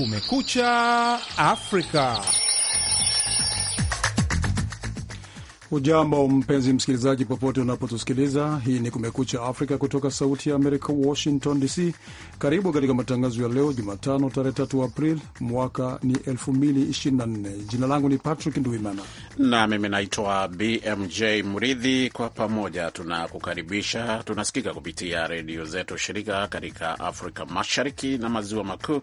Kumekucha Afrika. Ujambo mpenzi msikilizaji, popote unapotusikiliza, hii ni Kumekucha Afrika kutoka Sauti ya Amerika, Washington DC. Karibu katika matangazo ya leo Jumatano, tarehe 3 April mwaka ni 2024. Jina langu ni Patrick Nduimana na mimi naitwa BMJ Mridhi. Kwa pamoja tunakukaribisha. Tunasikika kupitia redio zetu shirika katika Afrika Mashariki na Maziwa Makuu,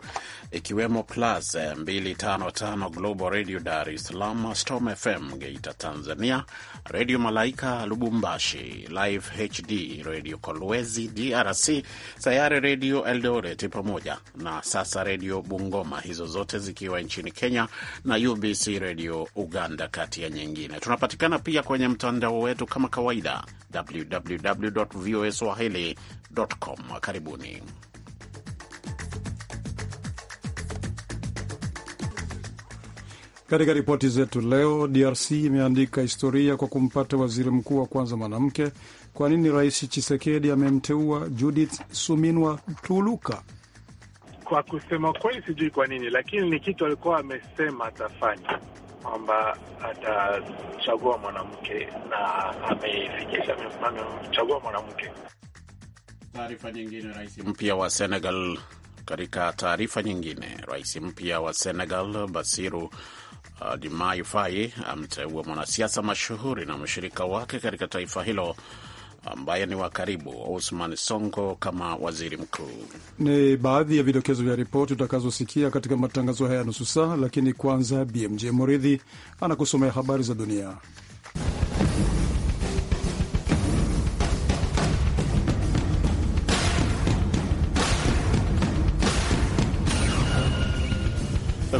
ikiwemo Plus 255 eh, Global Radio Dar es Salaam, Storm FM Geita Tanzania, Redio Malaika Lubumbashi, Live HD, Redio Kolwezi DRC, Sayare Redio Eldoret pamoja na sasa Redio Bungoma, hizo zote zikiwa nchini Kenya, na UBC Redio Uganda, kati ya nyingine. Tunapatikana pia kwenye mtandao wetu kama kawaida, www voa swahili com. Karibuni. Katika ripoti zetu leo, DRC imeandika historia kwa kumpata waziri mkuu wa kwanza mwanamke. Kwa nini Rais Chisekedi amemteua Judith Suminwa Tuluka? Kwa kusema kweli, sijui kwa nini, lakini ni kitu alikuwa amesema atafanya, kwamba atachagua mwanamke na amefikisha, amemchagua mwanamke. Taarifa nyingine, rais mpya wa Senegal. Katika taarifa nyingine, rais mpya wa Senegal Basiru Uh, Dimai Fai amteua mwanasiasa mashuhuri na mshirika wake katika taifa hilo ambaye ni wa karibu Usman Songo kama waziri mkuu. Ni baadhi ya vidokezo vya ripoti utakazosikia katika matangazo haya ya nusu saa, lakini kwanza BMJ Moridhi anakusomea habari za dunia.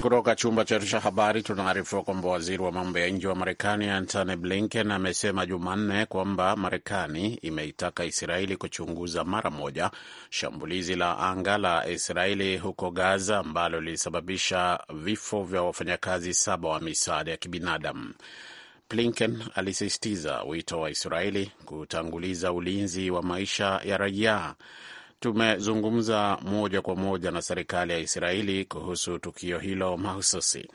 Kutoka chumba chetu cha habari tunaarifiwa kwamba waziri wa mambo ya nje wa Marekani Antony Blinken amesema Jumanne kwamba Marekani imeitaka Israeli kuchunguza mara moja shambulizi la anga la Israeli huko Gaza ambalo lilisababisha vifo vya wafanyakazi saba wa misaada ya kibinadamu. Blinken alisisitiza wito wa Israeli kutanguliza ulinzi wa maisha ya raia. Tumezungumza moja kwa moja na serikali ya Israeli kuhusu tukio hilo mahususi.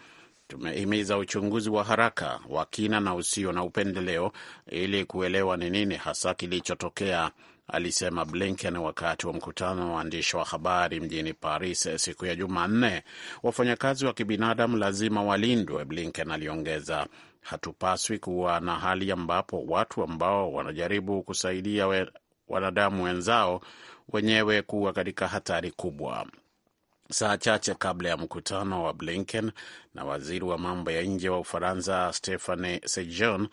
Tumehimiza uchunguzi wa haraka wa kina na usio na upendeleo ili kuelewa ni nini hasa kilichotokea, alisema Blinken wakati wa mkutano wa waandishi wa habari mjini Paris siku ya Jumanne. Wafanyakazi wa kibinadamu lazima walindwe, Blinken aliongeza. Hatupaswi kuwa na hali ambapo watu ambao wanajaribu kusaidia wanadamu wenzao wenyewe kuwa katika hatari kubwa. Saa chache kabla ya mkutano wa Blinken na waziri wa mambo ya nje wa Ufaransa Stephane sejon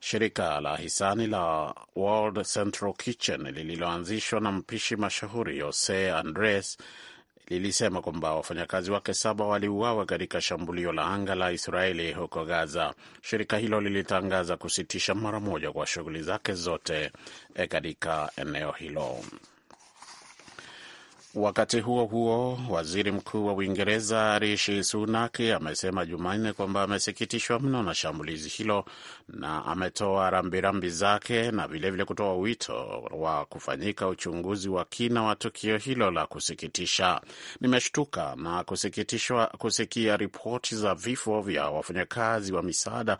shirika la hisani la World Central Kitchen lililoanzishwa na mpishi mashuhuri Jose Andres lilisema kwamba wafanyakazi wake saba waliuawa katika shambulio la anga la Israeli huko Gaza. Shirika hilo lilitangaza kusitisha mara moja kwa shughuli zake zote eh, katika eneo hilo. Wakati huo huo, waziri mkuu wa Uingereza Rishi Sunak amesema Jumanne kwamba amesikitishwa mno na shambulizi hilo na ametoa rambirambi zake na vilevile kutoa wito wa kufanyika uchunguzi wa kina wa tukio hilo la kusikitisha. Nimeshtuka na kusikitishwa kusikia ripoti za vifo vya wafanyakazi wa misaada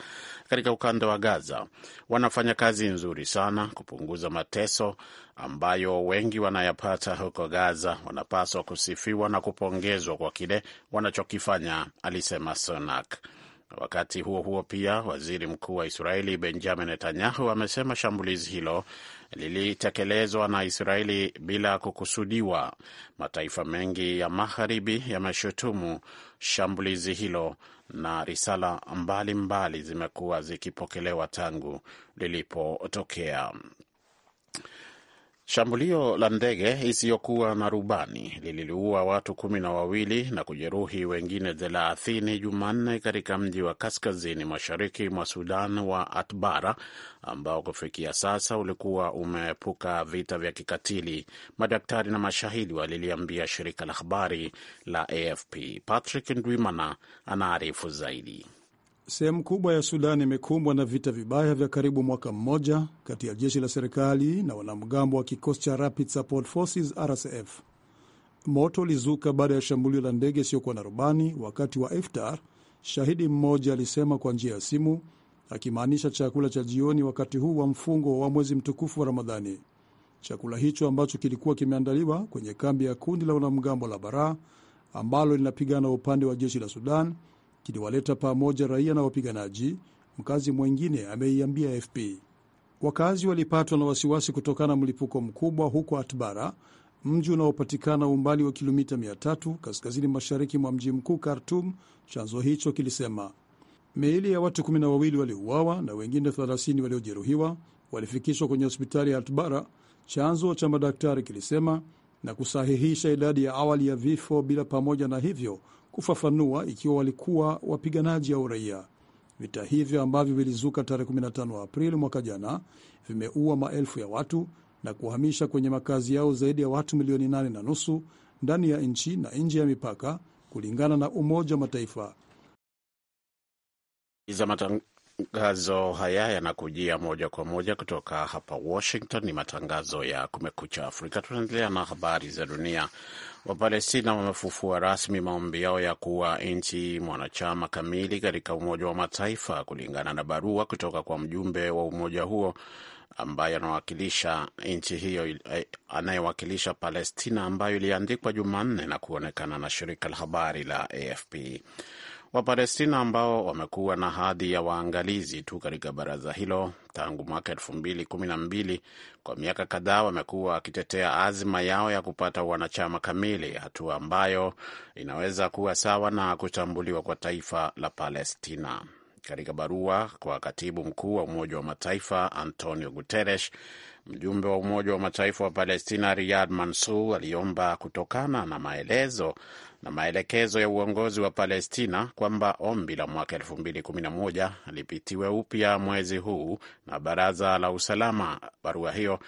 katika ukanda wa Gaza. Wanafanya kazi nzuri sana kupunguza mateso ambayo wengi wanayapata huko Gaza wanapaswa kusifiwa na kupongezwa kwa kile wanachokifanya, alisema sonak Wakati huo huo, pia waziri mkuu wa Israeli Benjamin Netanyahu amesema shambulizi hilo lilitekelezwa na Israeli bila kukusudiwa. Mataifa mengi ya magharibi yameshutumu shambulizi hilo na risala mbalimbali mbali zimekuwa zikipokelewa tangu lilipotokea. Shambulio la ndege isiyokuwa na rubani liliua watu kumi na wawili na kujeruhi wengine thelathini Jumanne katika mji wa kaskazini mashariki mwa Sudan wa Atbara ambao kufikia sasa ulikuwa umeepuka vita vya kikatili, madaktari na mashahidi waliliambia shirika la habari la AFP. Patrick Ndwimana anaarifu zaidi. Sehemu kubwa ya Sudan imekumbwa na vita vibaya vya karibu mwaka mmoja kati ya jeshi la serikali na wanamgambo wa kikosi cha Rapid Support Forces RSF. Moto ulizuka baada ya shambulio la ndege isiyokuwa na rubani wakati wa iftar, shahidi mmoja alisema kwa njia ya simu, akimaanisha chakula cha jioni wakati huu wa mfungo wa mwezi mtukufu wa Ramadhani. Chakula hicho ambacho kilikuwa kimeandaliwa kwenye kambi ya kundi la wanamgambo la Baraa ambalo linapigana upande wa jeshi la Sudan kiliwaleta pamoja raia na wapiganaji. Mkazi mwengine ameiambia AFP wakazi walipatwa na wasiwasi kutokana na mlipuko mkubwa huko Atbara, mji unaopatikana umbali wa kilomita 300 kaskazini mashariki mwa mji mkuu Khartum. Chanzo hicho kilisema miili ya watu 12 waliuawa na wengine 30 waliojeruhiwa walifikishwa kwenye hospitali ya Atbara, chanzo cha madaktari kilisema, na kusahihisha idadi ya awali ya vifo bila pamoja na hivyo kufafanua ikiwa walikuwa wapiganaji au raia. Vita hivyo ambavyo vilizuka tarehe 15 Aprili mwaka jana vimeua maelfu ya watu na kuhamisha kwenye makazi yao zaidi ya watu milioni nane na nusu ndani ya nchi na nje ya mipaka, kulingana na Umoja wa Mataifa. Matangazo haya yanakujia moja kwa moja kutoka hapa Washington. Ni matangazo ya Kumekucha Afrika. Tunaendelea na habari za dunia. Wapalestina wamefufua rasmi maombi yao ya kuwa nchi mwanachama kamili katika Umoja wa Mataifa kulingana na barua kutoka kwa mjumbe wa umoja huo ambaye anawakilisha nchi hiyo eh, anayewakilisha Palestina ambayo iliandikwa Jumanne na kuonekana na shirika la habari la AFP. Wapalestina ambao wamekuwa na hadhi ya waangalizi tu katika baraza hilo tangu mwaka elfu mbili kumi na mbili kwa miaka kadhaa wamekuwa wakitetea azima yao ya kupata wanachama kamili, hatua ambayo inaweza kuwa sawa na kutambuliwa kwa taifa la Palestina. Katika barua kwa katibu mkuu wa Umoja wa Mataifa Antonio Guterres, mjumbe wa Umoja wa Mataifa wa Palestina Riyad Mansour aliomba kutokana na maelezo na maelekezo ya uongozi wa Palestina kwamba ombi la mwaka 2011 lipitiwe upya mwezi huu na Baraza la Usalama. Barua hiyo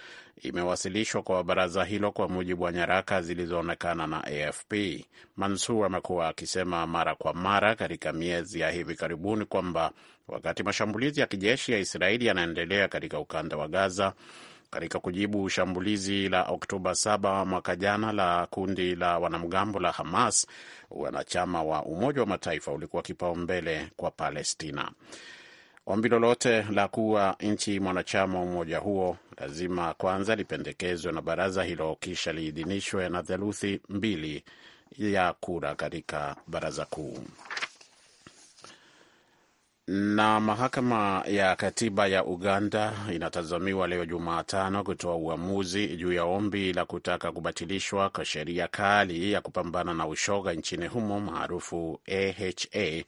imewasilishwa kwa baraza hilo kwa mujibu wa nyaraka zilizoonekana na AFP. Mansur amekuwa akisema mara kwa mara katika miezi ya hivi karibuni kwamba wakati mashambulizi ya kijeshi ya Israeli yanaendelea katika ukanda wa Gaza, katika kujibu shambulizi la Oktoba 7 mwaka jana la kundi la wanamgambo la Hamas, wanachama wa Umoja wa Mataifa ulikuwa kipaumbele kwa Palestina. Ombi lolote la kuwa nchi mwanachama wa umoja huo lazima kwanza lipendekezwe na baraza hilo, kisha liidhinishwe na theluthi mbili ya kura katika baraza kuu. Na mahakama ya katiba ya Uganda inatazamiwa leo Jumatano kutoa uamuzi juu ya ombi la kutaka kubatilishwa kwa sheria kali ya kupambana na ushoga nchini humo maarufu AHA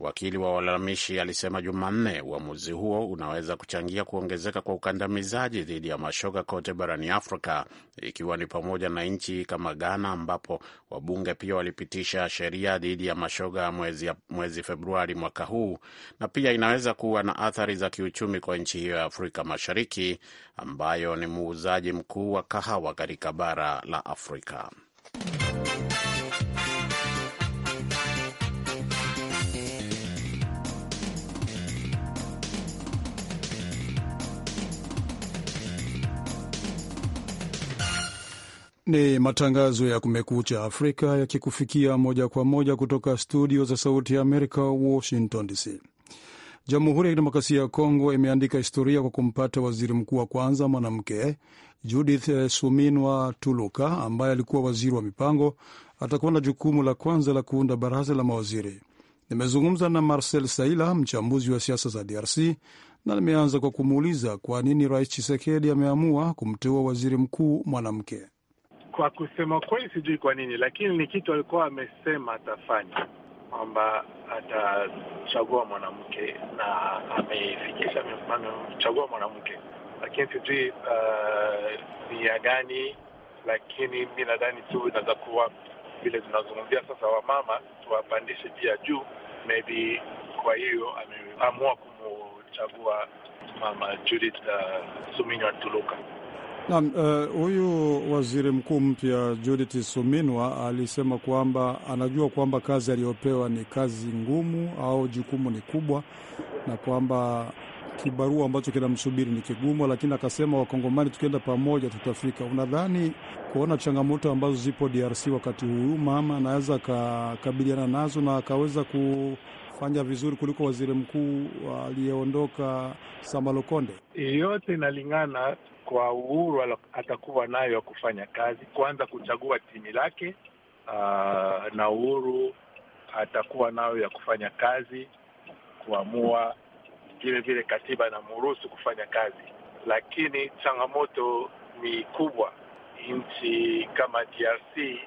Wakili wa walalamishi alisema Jumanne uamuzi huo unaweza kuchangia kuongezeka kwa ukandamizaji dhidi ya mashoga kote barani Afrika, ikiwa ni pamoja na nchi kama Ghana, ambapo wabunge pia walipitisha sheria dhidi ya mashoga mwezi, mwezi Februari mwaka huu, na pia inaweza kuwa na athari za kiuchumi kwa nchi hiyo ya Afrika Mashariki ambayo ni muuzaji mkuu wa kahawa katika bara la Afrika. Ni matangazo ya Kumekucha Afrika yakikufikia moja kwa moja kutoka studio za Sauti ya Amerika, Washington DC. Jamhuri ya Kidemokrasia ya Kongo imeandika historia kwa kumpata waziri mkuu wa kwanza mwanamke. Judith eh, Suminwa Tuluka, ambaye alikuwa waziri wa mipango, atakuwa na jukumu la kwanza la kuunda baraza la mawaziri. Nimezungumza na Marcel Saila, mchambuzi wa siasa za DRC, na nimeanza kwa kumuuliza kwa nini Rais Chisekedi ameamua kumteua waziri mkuu mwanamke. Kwa kusema kweli, sijui kwa nini, lakini ni kitu alikuwa amesema atafanya, kwamba atachagua mwanamke na ameifikisha, amemchagua mwanamke, lakini sijui uh, ya gani, lakini mi nadhani tu inaweza kuwa vile tunazungumzia sasa, wamama tuwapandishe pia juu, maybe kwa hiyo ameamua kumchagua Mama Judith uh, Suminywa Tuluka. Naam, eh, huyu uh, waziri mkuu mpya Judith Suminwa alisema kwamba anajua kwamba kazi aliyopewa ni kazi ngumu au jukumu ni kubwa, na kwamba kibarua ambacho kinamsubiri ni kigumu, lakini akasema Wakongomani tukienda pamoja tutafika. Unadhani kuona changamoto ambazo zipo DRC wakati huu mama anaweza akakabiliana nazo na akaweza kufanya vizuri kuliko waziri mkuu aliyeondoka Samalokonde? Yote inalingana kwa uhuru atakuwa nayo ya kufanya kazi, kuanza kuchagua timu lake uh, na uhuru atakuwa nayo ya kufanya kazi, kuamua vile vile katiba na muruhusu kufanya kazi, lakini changamoto ni kubwa. Nchi kama DRC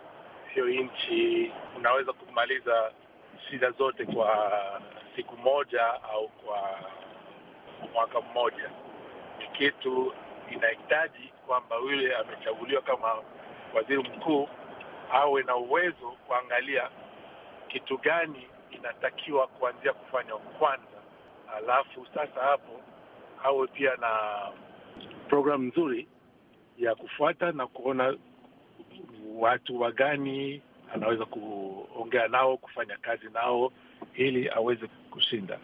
sio nchi unaweza kumaliza shida zote kwa siku moja au kwa mwaka mmoja. Ni kitu inahitaji kwamba yule amechaguliwa kama waziri mkuu awe na uwezo kuangalia kitu gani inatakiwa kuanzia kufanya kwanza, alafu sasa hapo awe pia na programu nzuri ya kufuata na kuona watu wagani anaweza kuongea nao, kufanya kazi nao ili aweze kushinda.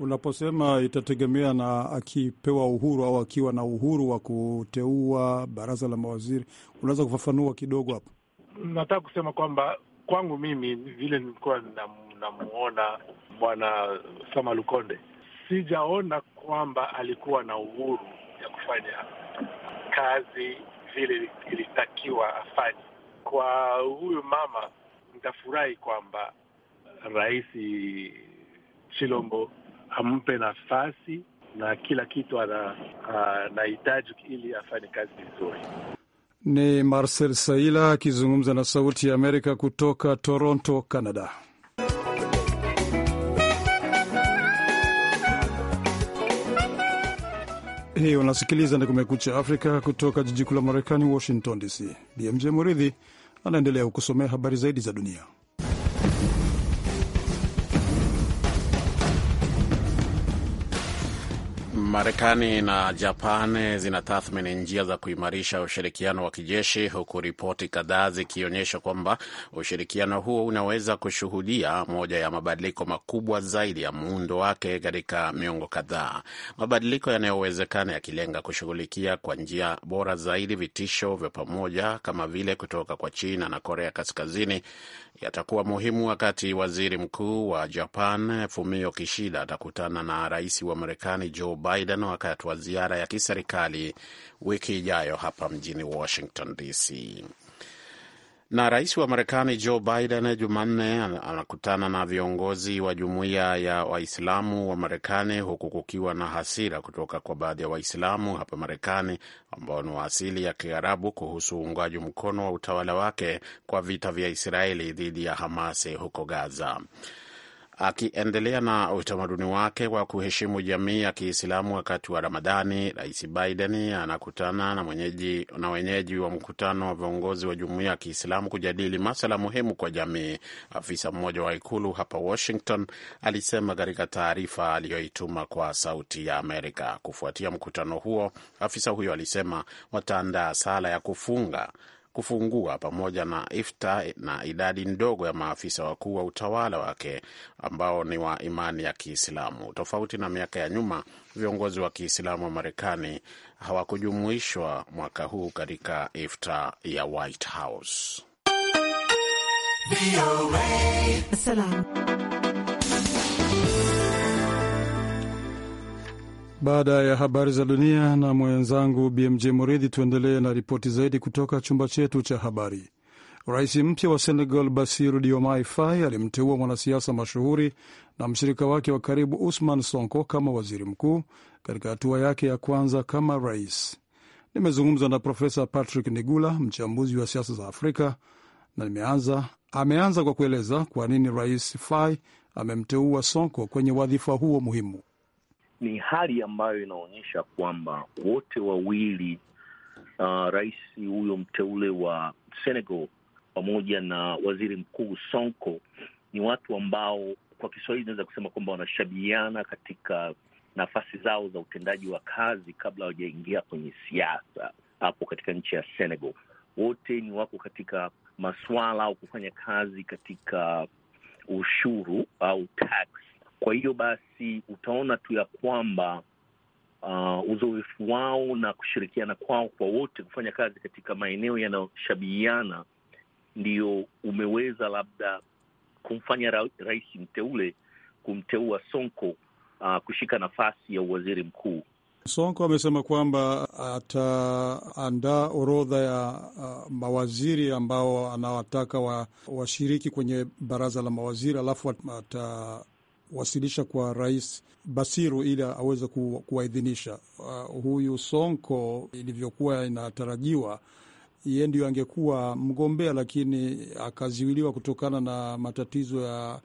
Unaposema itategemea na akipewa uhuru au akiwa na uhuru wa kuteua baraza la mawaziri, unaweza kufafanua kidogo hapo? Nataka kusema kwamba kwangu mimi vile nilikuwa namuona bwana Sama Lukonde, sijaona kwamba alikuwa na uhuru ya kufanya kazi vile ilitakiwa afanye. Kwa huyu mama, nitafurahi kwamba Rais Chilombo ampe nafasi na kila kitu anahitaji ili afanye kazi vizuri. Ni Marcel Saila akizungumza na Sauti ya Amerika kutoka Toronto, Canada. Hii unasikiliza ni Kumekucha Afrika kutoka jiji kuu la Marekani, Washington DC. BMJ Muridhi anaendelea kukusomea habari zaidi za dunia. Marekani na Japan zinatathmini njia za kuimarisha ushirikiano wa kijeshi huku ripoti kadhaa zikionyesha kwamba ushirikiano huo unaweza kushuhudia moja ya mabadiliko makubwa zaidi ya muundo wake katika miongo kadhaa, mabadiliko yanayowezekana yakilenga kushughulikia kwa njia bora zaidi vitisho vya pamoja kama vile kutoka kwa China na Korea Kaskazini yatakuwa muhimu wakati waziri mkuu wa Japan Fumio Kishida atakutana na rais wa Marekani Joe Biden Biden wakati wa ziara ya kiserikali wiki ijayo hapa mjini Washington DC. Na rais wa Marekani Joe Biden Jumanne anakutana na viongozi wa jumuiya ya Waislamu wa, wa Marekani huku kukiwa na hasira kutoka kwa baadhi ya Waislamu hapa Marekani ambao ni wa asili ya Kiarabu kuhusu uungwaji mkono wa utawala wake kwa vita vya Israeli dhidi ya Hamasi huko Gaza. Akiendelea na utamaduni wake wa kuheshimu jamii ya Kiislamu wakati wa Ramadhani, Rais Biden anakutana na mwenyeji, na wenyeji wa mkutano wa viongozi wa jumuiya ya Kiislamu kujadili masala muhimu kwa jamii. Afisa mmoja wa ikulu hapa Washington alisema katika taarifa aliyoituma kwa Sauti ya Amerika. Kufuatia mkutano huo, afisa huyo alisema wataandaa sala ya kufunga kufungua pamoja na Ifta na idadi ndogo ya maafisa wakuu wa utawala wake ambao ni wa imani ya Kiislamu. Tofauti na miaka ya nyuma, viongozi wa Kiislamu wa Marekani hawakujumuishwa mwaka huu katika Ifta ya White House. Baada ya habari za dunia na mwenzangu BMJ Muridhi, tuendelee na ripoti zaidi kutoka chumba chetu cha habari. Rais mpya wa Senegal Basiru Diomaye Faye alimteua mwanasiasa mashuhuri na mshirika wake wa karibu Usman Sonko kama waziri mkuu katika hatua yake ya kwanza kama rais. Nimezungumza na Profesa Patrick Nigula, mchambuzi wa siasa za Afrika, na nimeanza ameanza kwa kueleza kwa nini Rais Faye amemteua Sonko kwenye wadhifa huo muhimu ni hali ambayo inaonyesha kwamba wote wawili uh, rais huyo mteule wa Senegal pamoja na waziri mkuu Sonko ni watu ambao kwa Kiswahili inaweza kusema kwamba wanashabihiana katika nafasi zao za utendaji wa kazi kabla hawajaingia kwenye siasa hapo katika nchi ya Senegal. Wote ni wako katika maswala au kufanya kazi katika ushuru au tax kwa hiyo basi utaona tu ya kwamba uh, uzoefu wao na kushirikiana kwao kwa wote kufanya kazi katika maeneo yanayoshabihiana ndio umeweza labda kumfanya ra rais mteule kumteua Sonko uh, kushika nafasi ya uwaziri mkuu. Sonko amesema kwamba ataandaa orodha ya uh, mawaziri ambao anawataka washiriki wa kwenye baraza la mawaziri, alafu ata wasilisha kwa Rais Basiru ili aweze kuwaidhinisha. Uh, huyu Sonko ilivyokuwa inatarajiwa yeye ndio angekuwa mgombea, lakini akaziwiliwa kutokana na matatizo ya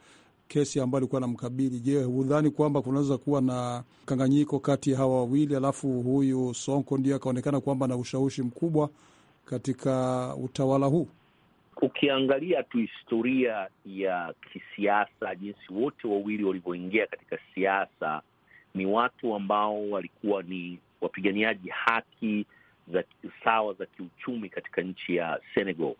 kesi ambayo alikuwa anamkabili. Je, hudhani kwamba kunaweza kuwa na kanganyiko kati ya hawa wawili, alafu huyu Sonko ndio akaonekana kwamba ana ushawishi mkubwa katika utawala huu? ukiangalia tu historia ya kisiasa, jinsi wote wawili walivyoingia katika siasa, ni watu ambao walikuwa ni wapiganiaji haki za sawa za kiuchumi katika nchi ya Senegal.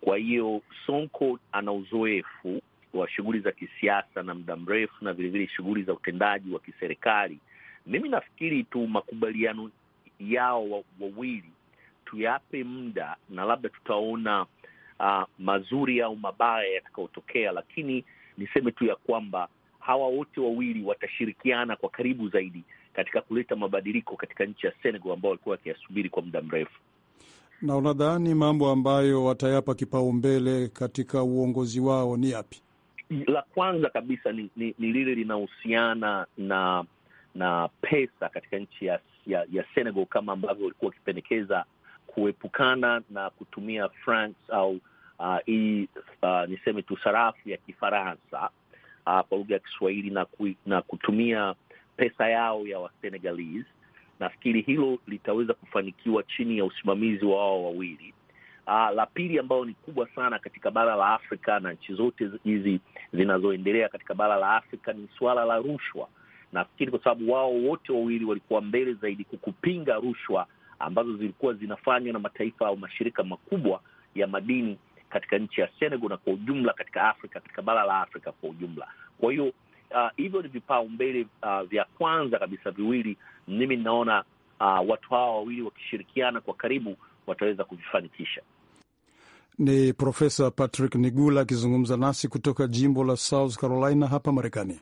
Kwa hiyo Sonko ana uzoefu wa shughuli za kisiasa na muda mrefu na vilevile shughuli za utendaji wa kiserikali. Mimi nafikiri tu makubaliano yao wawili tuyape muda na labda tutaona uh, mazuri au mabaya yatakayotokea, lakini niseme tu ya kwamba hawa wote wawili watashirikiana kwa karibu zaidi katika kuleta mabadiliko katika nchi ya Senegal ambao walikuwa wakiyasubiri kwa muda mrefu. Na unadhani mambo ambayo watayapa kipaumbele katika uongozi wao ni yapi? La kwanza kabisa ni, ni, ni lile linahusiana na na pesa katika nchi ya, ya, ya Senegal kama ambavyo walikuwa wakipendekeza kuepukana na kutumia francs au Ah, hii uh, uh, niseme tu sarafu ya Kifaransa uh, kwa lugha ya Kiswahili na, ku, na kutumia pesa yao ya Wasenegalese. Nafikiri hilo litaweza kufanikiwa chini ya usimamizi wa wao wawili. Uh, la pili ambayo ni kubwa sana katika bara la Afrika na nchi zote hizi zinazoendelea katika bara la Afrika ni suala la rushwa. Nafikiri kwa sababu wao wote wawili walikuwa mbele zaidi kukupinga rushwa ambazo zilikuwa zinafanywa na mataifa au mashirika makubwa ya madini katika nchi ya Senegal na kwa ujumla katika Afrika, katika bara la Afrika kwa ujumla. Kwa hiyo uh, hivyo ni vipaumbele uh, vya kwanza kabisa viwili, mimi ninaona uh, watu hawa wawili wakishirikiana kwa karibu wataweza kuvifanikisha. Ni Profesa Patrick Nigula akizungumza nasi kutoka jimbo la South Carolina hapa Marekani.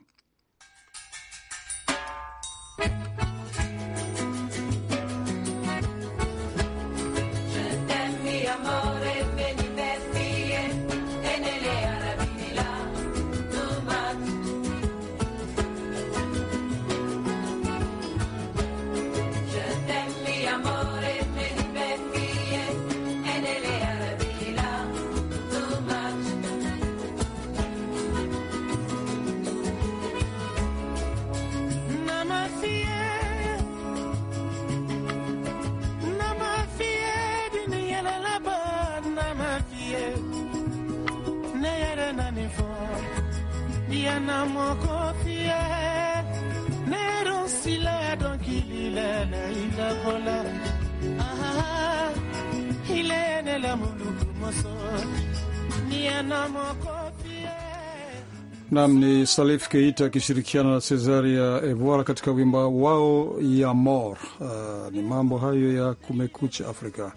Nam ni Salif Keita akishirikiana na Cesaria Evora katika wimbo wao ya Mor. Uh, ah, ni mambo hayo ya Kumekucha Afrika.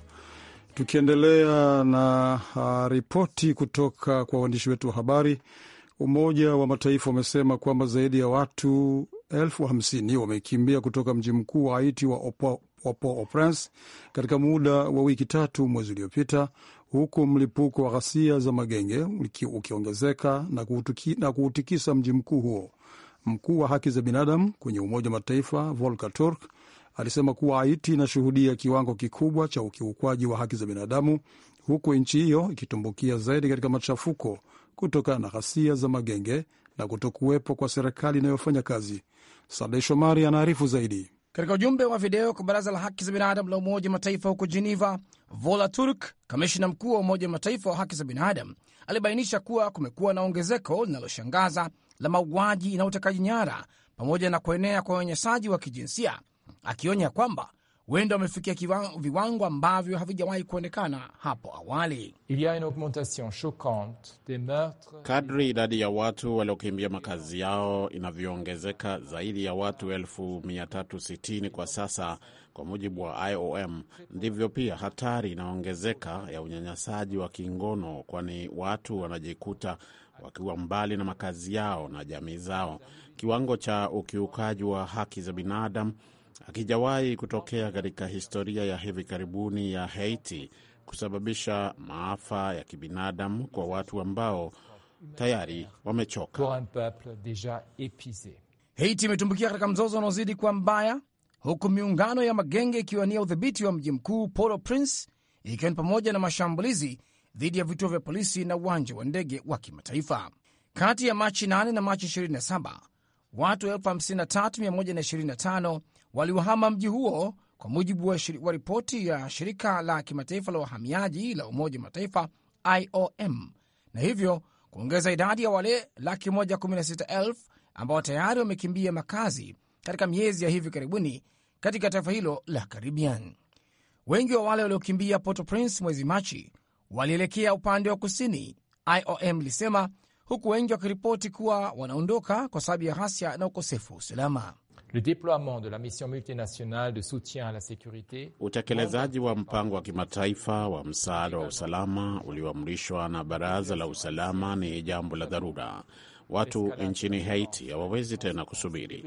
Tukiendelea na uh, ripoti kutoka kwa waandishi wetu wa habari, Umoja wa Mataifa wamesema kwamba zaidi ya watu elfu hamsini wamekimbia kutoka mji mkuu wa Haiti wa opo Opo, prince katika muda wa wiki tatu mwezi uliopita, huku mlipuko wa ghasia za magenge ukiongezeka na kuutikisa mji mkuu huo. Mkuu wa haki za binadamu kwenye Umoja wa Mataifa Volker Turk alisema kuwa Haiti inashuhudia kiwango kikubwa cha ukiukwaji wa haki za binadamu huku nchi hiyo ikitumbukia zaidi katika machafuko kutokana na ghasia za magenge na kutokuwepo kwa serikali inayofanya kazi. Sadei Shomari anaarifu zaidi. Katika ujumbe wa video kwa Baraza la Haki za Binadamu la Umoja wa Mataifa huko Geneva, Volaturk, kamishina mkuu wa Umoja wa Mataifa wa haki za binadamu, alibainisha kuwa kumekuwa na ongezeko linaloshangaza la mauaji na utekaji nyara pamoja na kuenea kwa unyanyasaji wa kijinsia, akionya kwamba huenda wamefikia viwango ambavyo havijawahi kuonekana hapo awali. Kadri idadi ya watu waliokimbia makazi yao inavyoongezeka, zaidi ya watu elfu 360 kwa sasa, kwa mujibu wa IOM, ndivyo pia hatari inaongezeka ya unyanyasaji wa kingono, kwani watu wanajikuta wakiwa mbali na makazi yao na jamii zao. Kiwango cha ukiukaji wa haki za binadamu hakijawahi kutokea katika historia ya hivi karibuni ya Haiti kusababisha maafa ya kibinadamu kwa watu ambao tayari wamechoka. Haiti imetumbukia katika mzozo unaozidi kuwa mbaya, huku miungano ya magenge ikiwania udhibiti wa mji mkuu Port-au-Prince, ikiwa ni pamoja na mashambulizi dhidi ya vituo vya polisi na uwanja wa ndege wa kimataifa. Kati ya Machi 8 na Machi 27 watu 53125 waliuhama mji huo, kwa mujibu wa, wa ripoti ya shirika la kimataifa la wahamiaji la Umoja wa Mataifa IOM, na hivyo kuongeza idadi ya wale laki moja kumi na sita elfu ambao tayari wamekimbia makazi katika miezi ya hivi karibuni katika taifa hilo la Caribbean. Wengi wa wale waliokimbia Port-au-Prince mwezi Machi walielekea upande wa kusini, IOM ilisema, huku wengi wakiripoti kuwa wanaondoka kwa sababu ya ghasia na ukosefu wa usalama le déploiement de la mission multinationale de soutien à la sécurité, utekelezaji wa mpango wa kimataifa wa msaada wa usalama ulioamrishwa na Baraza la Usalama ni jambo la dharura. Watu nchini Haiti hawawezi tena kusubiri.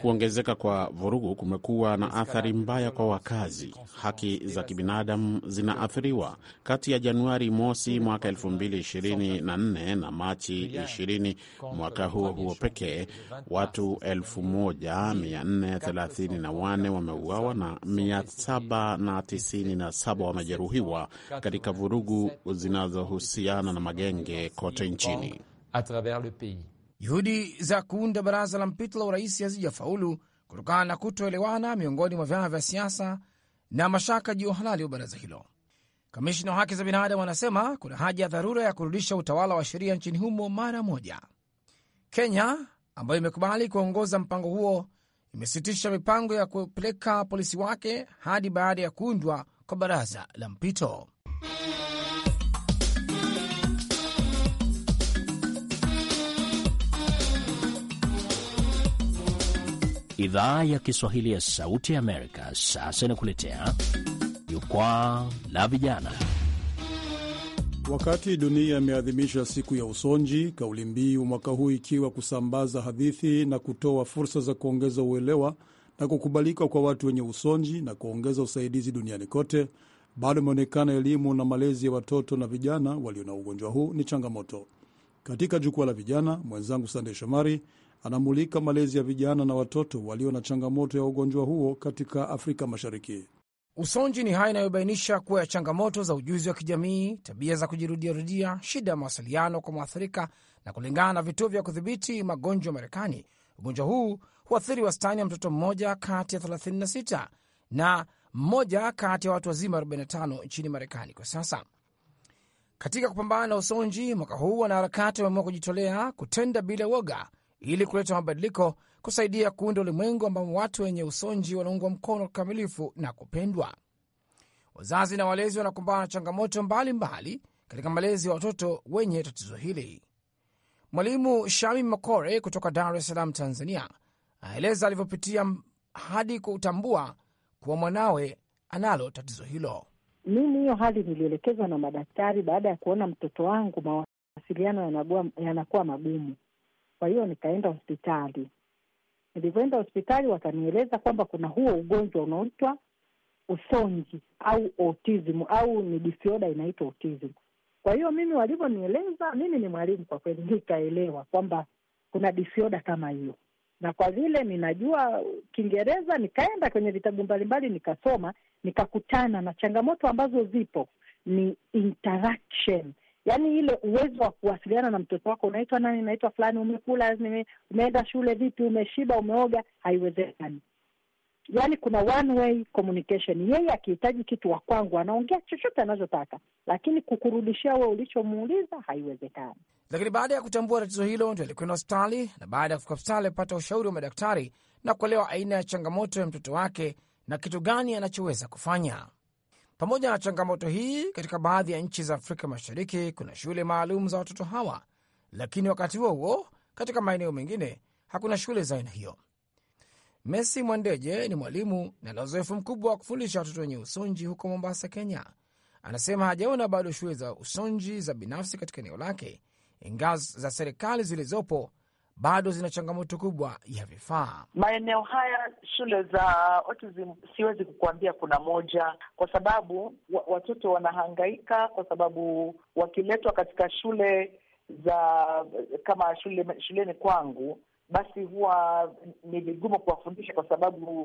Kuongezeka kwa vurugu kumekuwa na athari mbaya kwa wakazi, haki za kibinadamu zinaathiriwa. Kati ya Januari mosi mwaka 2024 na Machi 20 mwaka huo huo pekee watu 1434 wameuawa na 797 wamejeruhiwa katika vurugu zinazohusiana na magenge kote nchini à travers le pays. Juhudi za kuunda baraza la mpito la urais hazijafaulu kutokana na kutoelewana miongoni mwa vyama vya siasa na mashaka juu ya uhalali wa baraza hilo. Kamishina wa haki za binadamu anasema kuna haja ya dharura ya kurudisha utawala wa sheria nchini humo mara moja. Kenya ambayo imekubali kuongoza mpango huo imesitisha mipango ya kupeleka polisi wake hadi baada ya kuundwa kwa baraza la mpito. Idhaa ya Kiswahili ya Sauti ya Amerika sasa inakuletea jukwaa la vijana. Wakati dunia imeadhimisha siku ya usonji, kauli mbiu mwaka huu ikiwa kusambaza hadithi na kutoa fursa za kuongeza uelewa na kukubalika kwa watu wenye usonji na kuongeza usaidizi duniani kote, bado imeonekana elimu na malezi ya watoto na vijana walio na ugonjwa huu ni changamoto. Katika jukwaa la vijana, mwenzangu Sandey Shomari anamulika malezi ya vijana na watoto walio na changamoto ya ugonjwa huo katika Afrika Mashariki. Usonji ni haya inayobainisha kuwa ya changamoto za ujuzi wa kijamii, tabia za kujirudiarudia, shida ya mawasiliano kwa mwathirika. Na kulingana na vituo vya kudhibiti magonjwa Marekani, ugonjwa huu huathiri wastani ya mtoto mmoja kati ya 36 na mmoja kati ya watu wazima 45 nchini Marekani kwa sasa. Katika kupambana na usonji, mwaka huu wanaharakati wameamua kujitolea kutenda bila woga ili kuleta mabadiliko, kusaidia kuunda ulimwengu ambamo watu wenye usonji wanaungwa mkono kikamilifu na kupendwa. Wazazi na walezi wanakumbana na changamoto mbalimbali katika malezi ya watoto wenye tatizo hili. Mwalimu Shami Makore kutoka Dar es Salaam, Tanzania, aeleza alivyopitia hadi kutambua kuwa mwanawe analo tatizo hilo. Mimi hiyo hali nilielekezwa na madaktari baada ya kuona mtoto wangu mawasiliano yanakuwa magumu. Kwa hiyo nikaenda hospitali. Nilivyoenda hospitali, wakanieleza kwamba kuna huo ugonjwa unaoitwa usonji au autism au ni disioda inaitwa autism. Kwa hiyo mimi walivyonieleza, mimi ni mwalimu kwa kweli, nikaelewa kwamba kuna disioda kama hiyo, na kwa vile ninajua Kiingereza nikaenda kwenye vitabu mbalimbali nikasoma, nikakutana na changamoto ambazo zipo ni interaction yaani ile uwezo wa kuwasiliana na mtoto wako, unaitwa nani, unaitwa fulani, umekula, umeenda shule vipi, umeshiba, umeoga, haiwezekani. Yaani kuna one way communication. Yeye akihitaji kitu wa kwangu anaongea chochote anachotaka, lakini kukurudishia we ulichomuuliza haiwezekani. Lakini baada ya kutambua tatizo hilo, ndio alikwenda hospitali, na baada ya kufika hospitali alipata ushauri wa madaktari na kuelewa aina ya changamoto ya mtoto wake na kitu gani anachoweza kufanya. Pamoja na changamoto hii, katika baadhi ya nchi za Afrika Mashariki kuna shule maalum za watoto hawa, lakini wakati huo huo katika maeneo mengine hakuna shule za aina hiyo. Messi Mwandeje ni mwalimu na ana uzoefu mkubwa wa kufundisha watoto wenye usonji huko Mombasa, Kenya. Anasema hajaona bado shule za usonji za binafsi katika eneo lake, ingawa za serikali zilizopo bado zina changamoto kubwa ya vifaa. Maeneo haya shule za autism, siwezi kukuambia kuna moja, kwa sababu watoto wanahangaika, kwa sababu wakiletwa katika shule za kama shule shuleni kwangu, basi huwa ni vigumu kuwafundisha kwa sababu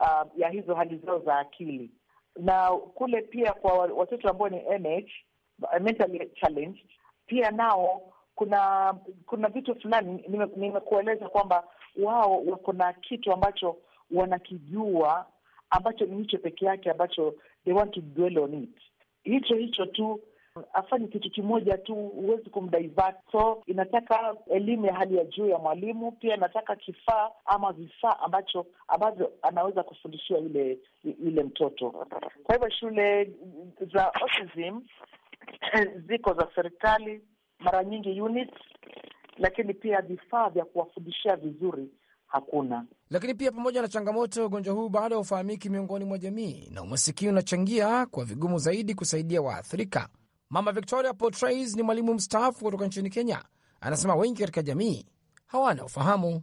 uh, ya hizo hali zao za akili, na kule pia kwa watoto ambao ni MH, mentally challenged, pia nao kuna kuna vitu fulani nimekueleza, nime kwamba wao wako na kitu ambacho wanakijua ambacho ni hicho peke yake ambacho they want to dwell on it. Hicho hicho tu afanye kitu kimoja tu, huwezi kumdivert. So inataka elimu ya hali ya juu ya mwalimu, pia inataka kifaa ama vifaa ambacho ambavyo anaweza kufundishia ile ile mtoto. Kwa hivyo shule za autism ziko za serikali mara nyingi units, lakini pia vifaa vya kuwafundishia vizuri hakuna. Lakini pia pamoja na changamoto, ya ugonjwa huu bado haufahamiki miongoni mwa jamii na umasikini unachangia kwa vigumu zaidi kusaidia waathirika. Mama Victoria Potrais ni mwalimu mstaafu kutoka nchini Kenya, anasema wengi katika jamii hawana ufahamu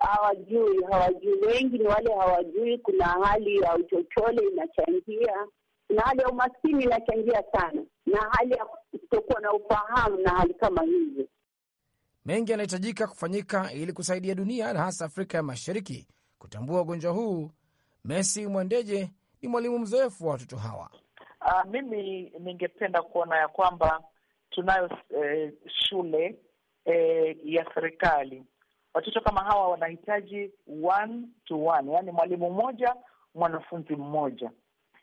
Hawajui, hawajui. Wengi ni wale hawajui. Kuna hali ya uchochole inachangia, kuna hali ya umaskini inachangia sana, na hali ya kutokuwa na ufahamu na hali kama hizi. Mengi yanahitajika kufanyika ili kusaidia dunia na hasa Afrika ya Mashariki kutambua ugonjwa huu. Messi Mwandeje ni mwalimu mzoefu wa watoto hawa. Uh, mimi ningependa kuona ya kwamba tunayo eh, shule eh, ya serikali. Watoto kama hawa wanahitaji one to one, mwalimu mmoja mwanafunzi mmoja.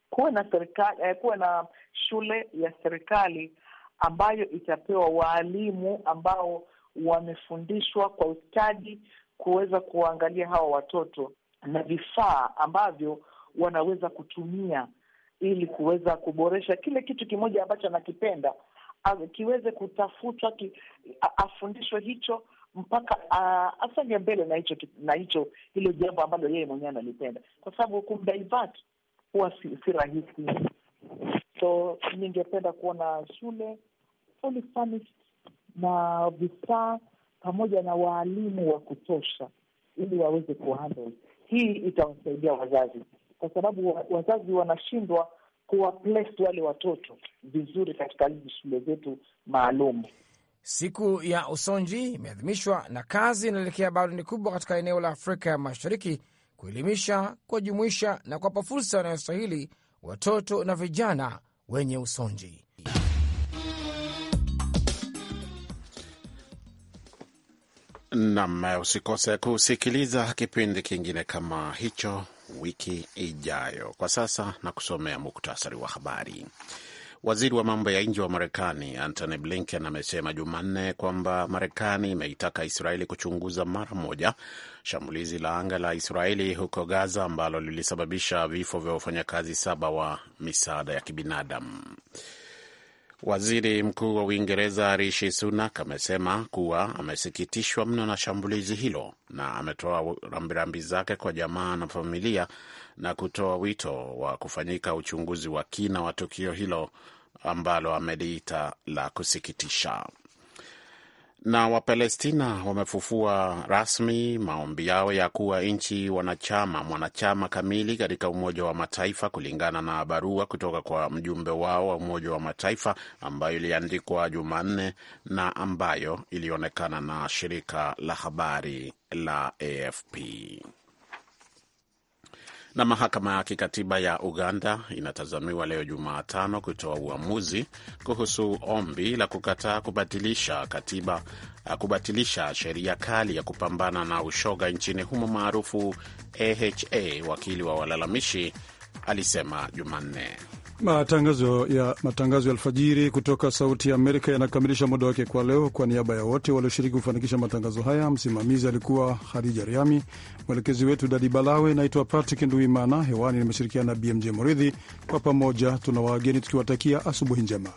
Kuwe na serikali eh, kuwe na shule ya serikali ambayo itapewa waalimu ambao wamefundishwa kwa ustadi kuweza kuwaangalia hawa watoto na vifaa ambavyo wanaweza kutumia ili kuweza kuboresha kile kitu kimoja ambacho anakipenda kiweze kutafutwa ki, afundishwe hicho mpaka asenge mbele na hicho na hicho hilo jambo ambalo yeye mwenyewe analipenda, kwa sababu kumdivert huwa si, si rahisi. So ningependa kuona shule fully furnished na vifaa pamoja na waalimu wa kutosha, ili waweze kuhandle. Hii itawasaidia wazazi, kwa sababu wazazi wanashindwa kuwaplace wale watoto vizuri katika hizi shule zetu maalum. Siku ya Usonji imeadhimishwa na kazi inaelekea bado ni kubwa katika eneo la Afrika ya Mashariki, kuelimisha, kuwajumuisha na kuwapa fursa wanayostahili watoto na vijana wenye usonji. Nam, usikose kusikiliza kipindi kingine kama hicho wiki ijayo. Kwa sasa na kusomea muktasari wa habari. Waziri wa mambo ya nje wa Marekani Antony Blinken amesema Jumanne kwamba Marekani imeitaka Israeli kuchunguza mara moja shambulizi la anga la Israeli huko Gaza ambalo lilisababisha vifo vya wafanyakazi saba wa misaada ya kibinadamu. Waziri Mkuu wa Uingereza Rishi Sunak amesema kuwa amesikitishwa mno na shambulizi hilo na ametoa rambirambi zake kwa jamaa na familia na kutoa wito wa kufanyika uchunguzi wa kina wa tukio hilo ambalo ameliita la kusikitisha. Na Wapalestina wamefufua rasmi maombi yao ya kuwa nchi wanachama mwanachama kamili katika Umoja wa Mataifa kulingana na barua kutoka kwa mjumbe wao wa Umoja wa Mataifa ambayo iliandikwa Jumanne na ambayo ilionekana na shirika la habari la AFP. Na mahakama ya kikatiba ya Uganda inatazamiwa leo Jumatano kutoa uamuzi kuhusu ombi la kukataa kubatilisha katiba, uh, kubatilisha sheria kali ya kupambana na ushoga nchini humo maarufu AHA, wakili wa walalamishi alisema Jumanne. Matangazo ya matangazo ya alfajiri kutoka Sauti ya Amerika yanakamilisha muda wake kwa leo. Kwa niaba ya wote walioshiriki kufanikisha matangazo haya, msimamizi alikuwa Hadija Riami, mwelekezi wetu Dadi Balawe. Naitwa Patrick Nduimana, hewani nimeshirikiana na BMJ Moridhi. Kwa pamoja tuna wageni tukiwatakia asubuhi njema.